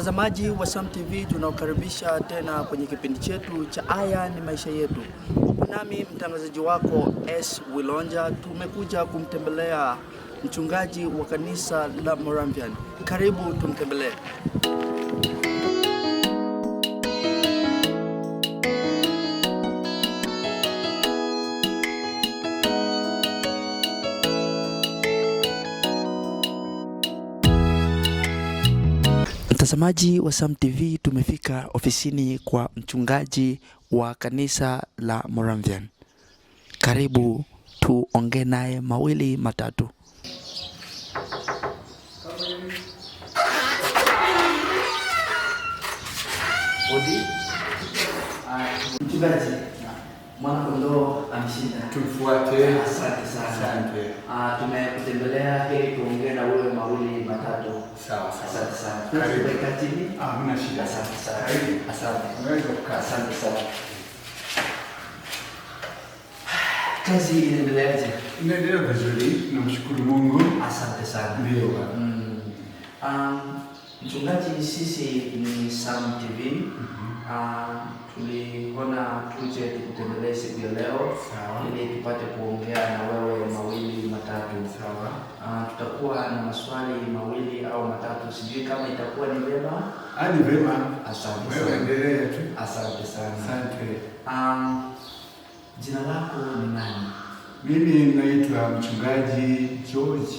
Watazamaji wa Sam TV tunaokaribisha tena kwenye kipindi chetu cha Haya ni Maisha Yetu, huku nami mtangazaji wako S Wilonja. Tumekuja kumtembelea mchungaji wa kanisa la Moravian. Karibu tumtembelee. Mtazamaji wa Sam TV, tumefika ofisini kwa mchungaji wa kanisa la Moravian. Karibu tuongee naye mawili matatu. Mchungaji mwana Mwanakondoo ameshinda. Tufuate. Asante sana. Asante. Ah, tumekutembelea ili tuongee na wewe mawili matatu. Sawa Asante sana. Karibu katini. Ah, mna shida. Asante sana. Karibu. Asante. Unaweza kukaa. Asante sana. Kazi inaendeleaje? Inaendelea vizuri. Namshukuru Mungu. Asante sana. Ndio. Mm. Um, Mchungaji, sisi ni Sam TV. mm -hmm. Uh, ah, tuliona tuje tukutembelee siku ya leo ili tupate kuongea na wewe mawili matatu. Sawa. Uh, tutakuwa na maswali mawili au matatu, sijui kama itakuwa ni vema. Ah, ni vema. Asante sana. Wewe endelea tu. Asante sana. Asante. Uh, jina lako ni nani? Mimi naitwa mchungaji George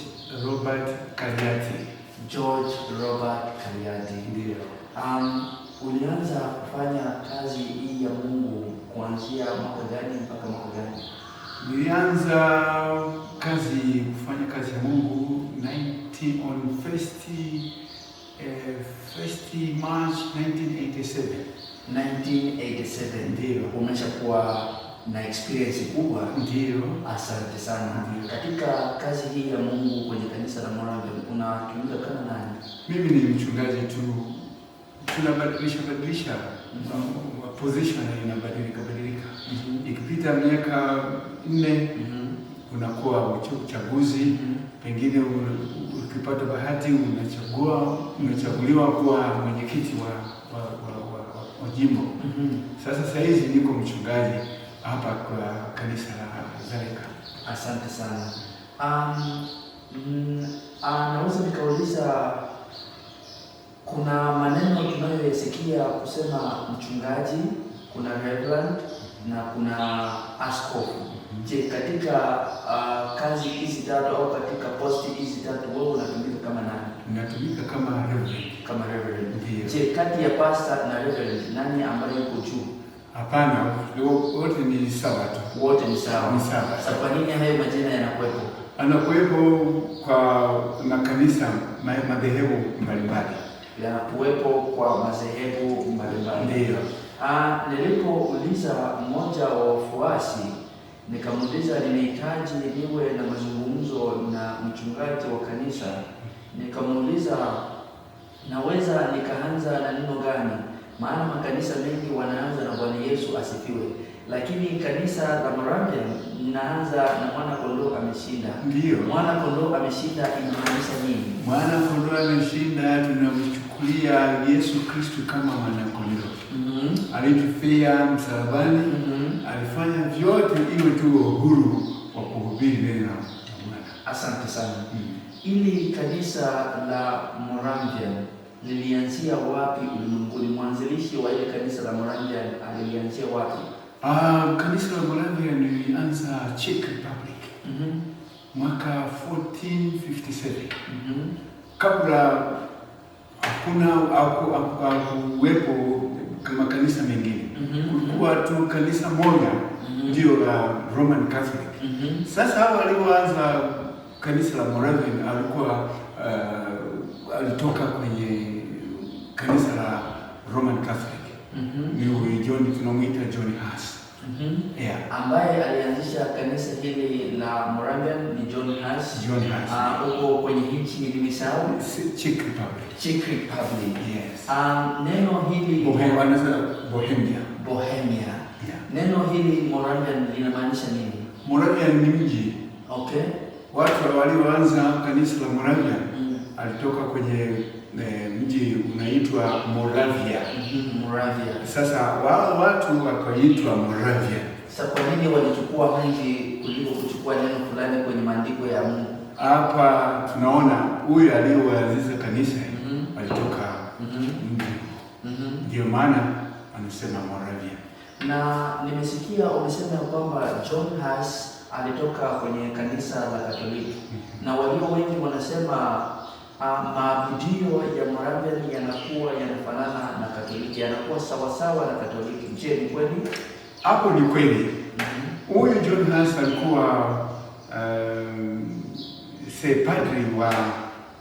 Robert Kariati. George Robert Kariadi. Um, ulianza kufanya kazi hii ya Mungu kuanzia mwaka gani mpaka mwaka gani? Nilianza kazi kufanya kazi ya Mungu 19 on first eh, first March 1987. 1987 ndio umeshakuwa na experience kubwa. Ndio, asante sana. Ndio, Katika kazi hii ya Mungu kwenye kanisa la Moravian unatumika kama nani? Mimi ni mchungaji tu, tunabadilisha badilisha mm-hmm. position, inabadilika badilika. Mm-hmm. Ikipita miaka nne mm-hmm. unakuwa uchaguzi, pengine ukipata bahati unachagua unachaguliwa kuwa mwenyekiti wa wa, wa, wa, wa jimbo. Sasa hizi niko mchungaji hapa kwa kanisa la Zareka. Asante sana. Um, mm, ah, naweza nikauliza kuna maneno tunayoyasikia kusema mchungaji, kuna reverend na kuna askofu. Mm-hmm. Je, katika uh, kazi hizi tatu au katika posti hizi tatu wewe unatumika kama nani? Natumika kama reverend. Kama reverend. Je, kati ya pastor na reverend nani ambaye yuko juu? Hapana, wote ni sawa tu, wote ni sawa. Sasa kwa nini hayo majina yanakuwepo? Anakuwepo kwa makanisa madhehebu mbalimbali, yanakuwepo kwa madhehebu mbalimbali. Ndio ah, nilipouliza mmoja wa wafuasi nikamuuliza ninahitaji niwe na mazungumzo na mchungaji wa kanisa, nikamuuliza naweza nikaanza na neno gani? maana makanisa mengi wanaanza na Bwana Yesu asifiwe, lakini kanisa la Moravian linaanza na mwana kondoo ameshinda. Ndio, mwana kondoo ameshinda inamaanisha nini? Mwana kondoo ameshinda, tunamchukulia Yesu Kristo kama mwana kondoo mm -hmm. Alitufia msalabani mm -hmm. Alifanya vyote iwe tu uhuru wa kuhubiri neno la Bwana. Asante sana mm -hmm. Ili kanisa la Moravian lilianzia wapi ulimwenguni? Mwanzilishi wa ile kanisa la Moravian alilianzia wapi? Uh, kanisa la Moravian lilianza Czech Republic mm -hmm. mwaka 1457 mm -hmm. kabla hakuna hakuwepo kama kanisa mengine mhm. kulikuwa mm -hmm. tu kanisa moja mhm. ndio mm -hmm. la Roman Catholic mm -hmm. Sasa hao walioanza kanisa la Moravian alikuwa uh, alitoka kwenye kanisa la Roman Catholic Mhm. mm ni John tunamuita John Huss mm -hmm. yeah. ambaye alianzisha kanisa hili la Moravian ni John Huss John Huss Ah, uh, kwenye nchi nilimesahau Czech Republic Czech Republic yes Ah, um, neno hili Bohemia Bohemia Bohemia yeah. neno hili Moravian linamaanisha nini Moravian ni mji okay watu walioanza kanisa la Moravian mm. alitoka kwenye Eh, mji unaitwa Moravia. Moravia. Sasa wao watu wakaitwa Moravia. Sasa kwa nini walichukua mji kuliko kuchukua neno fulani kwenye maandiko ya Mungu? Hapa tunaona huyu aliyeanzisha kanisa mm -hmm. alitoka mhm. mji mm -hmm. ndio maana anasema Moravia. Na nimesikia umesema kwamba John Huss alitoka kwenye kanisa la Katoliki mm -hmm. na walio wengi wanasema Ah, maabudio ya Moravian yanakuwa yanafanana na Katoliki, yanakuwa sawasawa na Katoliki. Je, ni kweli? Hapo ni kweli. Mm-hmm. Huyu John Hus alikuwa um, eh, se padri wa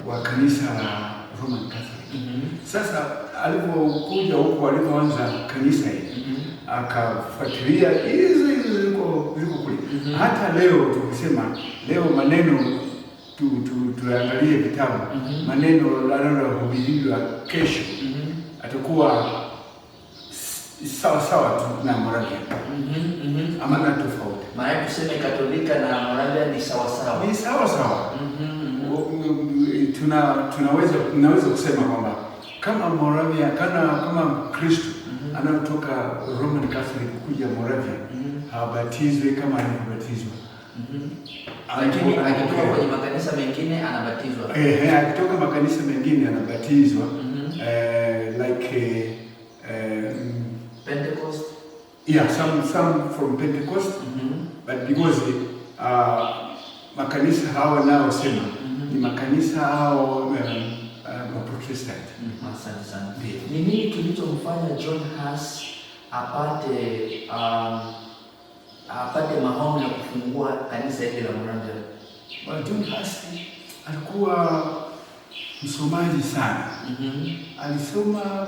wa kanisa la Roman Catholic. Mm -hmm. Sasa alipokuja huko alipoanza kanisa hili mm -hmm. akafuatilia hizo hizo ziko ziko kule. Mm -hmm. Hata leo tukisema leo maneno tu, tu, tu vitabu mm -hmm. maneno anayohubiriwa kesho mm -hmm. atakuwa sawa sawa tu na Moravia mm -hmm. mm -hmm. amana tofauti, maana tuseme Katolika na Moravia ni sawa sawa, ni sawa sawa mm -hmm. tuna tunaweza tunaweza kusema kwamba kama Moravia kana kama kristo mm -hmm. anayotoka Roman Catholic kuja Moravia mm -hmm. habatizwe kama alivyobatizwa Mm-hmm. akitoka eh, kwenye makanisa mengine anabatizwa. Eh, eh, akitoka makanisa mengine anabatizwa mm-hmm. like Pentecost. Yeah, some some from Pentecost. Mm-hmm. But because uh, makanisa hawa nao sema ni makanisa hao um, uh, Protestant. Asante sana. Ni nini kilichomfanya John Huss apate um, apate maono ya kufungua kanisa hili la Mwanza. Bwana John Huxley alikuwa msomaji sana. mm -hmm. Alisoma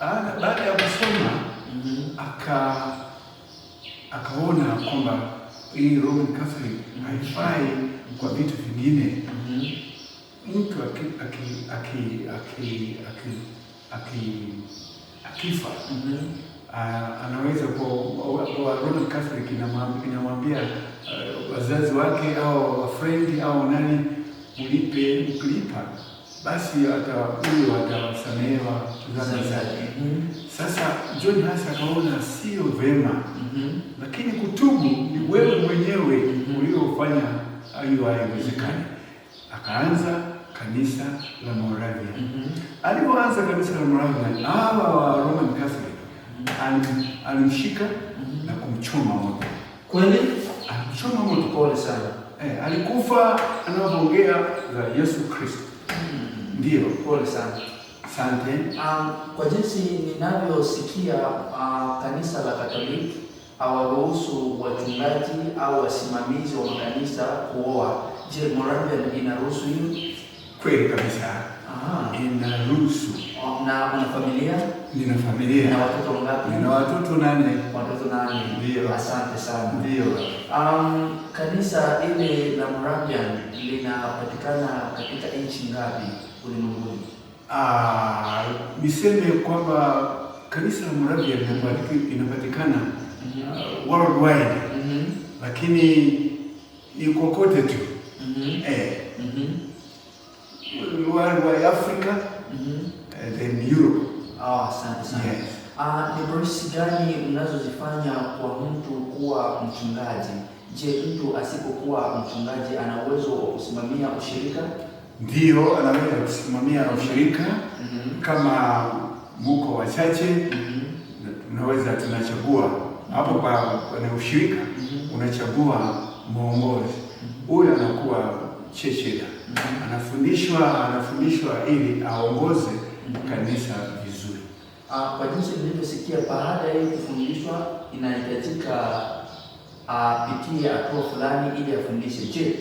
baada ya kusoma mm -hmm. aka akaona kwamba hii Roman Catholic mm -hmm. haifai kwa vitu vingine mm -hmm. mtu akifa aki, aki, aki, aki, aki, aki, aki, aki, aki, aki, aki, aki, uh, anaweza kuwa Roman Catholic inamwambia uh, wazazi wake au wafrendi au nani, ulipe ukilipa basi huyo atawasamehewa dhambi zake. Sasa John Huss akaona sio vema mm -hmm. Lakini kutubu ni wewe mwenyewe mm -hmm. uliofanya hiyo haiwezekani. Akaanza kanisa la Moravia mm -hmm. Alipoanza kanisa la Moravia hawa wa Roman Catholic alimshika na kumchoma moto. Kweli alimchoma moto. Pole sana. Eh, alikufa anaongea za Yesu Kristo. Hmm. Ndio, pole sana. Asante. Um, kwa jinsi ninavyosikia uh, kanisa la Katoliki hawaruhusu wachungaji au wasimamizi wa makanisa kuoa. Je, Moravian inaruhusu hiyo? Kweli kabisa. Aha. Inaruhusu. Na una familia? Nina familia. Nina watoto ngapi? Nina watoto nane. Watoto nane. Ndio. Asante sana. Ndio. Um, kanisa ile la Moravian linapatikana katika nchi ngapi ulimwenguni? Ah, niseme kwamba kanisa la Moravian inapatikana mm uh, worldwide. Mm -hmm. Lakini ni kote tu. Mm -hmm. Eh. Mm -hmm. Worldwide Africa. Mm -hmm. Eh, and Then Europe. Ah, asante sana. Ah, ni prosesi gani mnazozifanya kwa mtu kuwa mchungaji? Je, mtu asipokuwa mchungaji ana uwezo wa kusimamia ushirika? Ndiyo, anaweza kusimamia ushirika mm -hmm. Kama muko wachache mm -hmm. Tunaweza tunachagua hapo kwenye ushirika mm -hmm. Unachagua mwongozi mm-hmm. huyo, anakuwa chechela mm -hmm. Anafundishwa, anafundishwa ili aongoze kanisa vizuri. Ah, kwa jinsi nilivyosikia baada ya kufundishwa inahitajika apitie ah, hatua fulani ili afundishe. Je,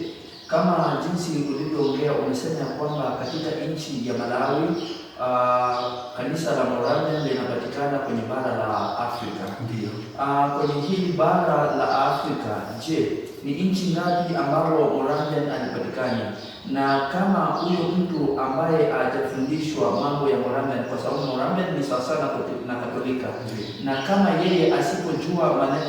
kama jinsi ulivyoongea umesema kwamba katika nchi ya Malawi uh, kanisa la Moravian linapatikana kwenye bara la Afrika. Ndio. Uh, kwenye hili bara la Afrika, je ni nchi ngapi ambalo Moravian alipatikana, na kama huyo mtu ambaye hajafundishwa mambo ya Moravian, kwa sababu Moravian ni sawa sana na Katolika, na kama yeye asipojua maneno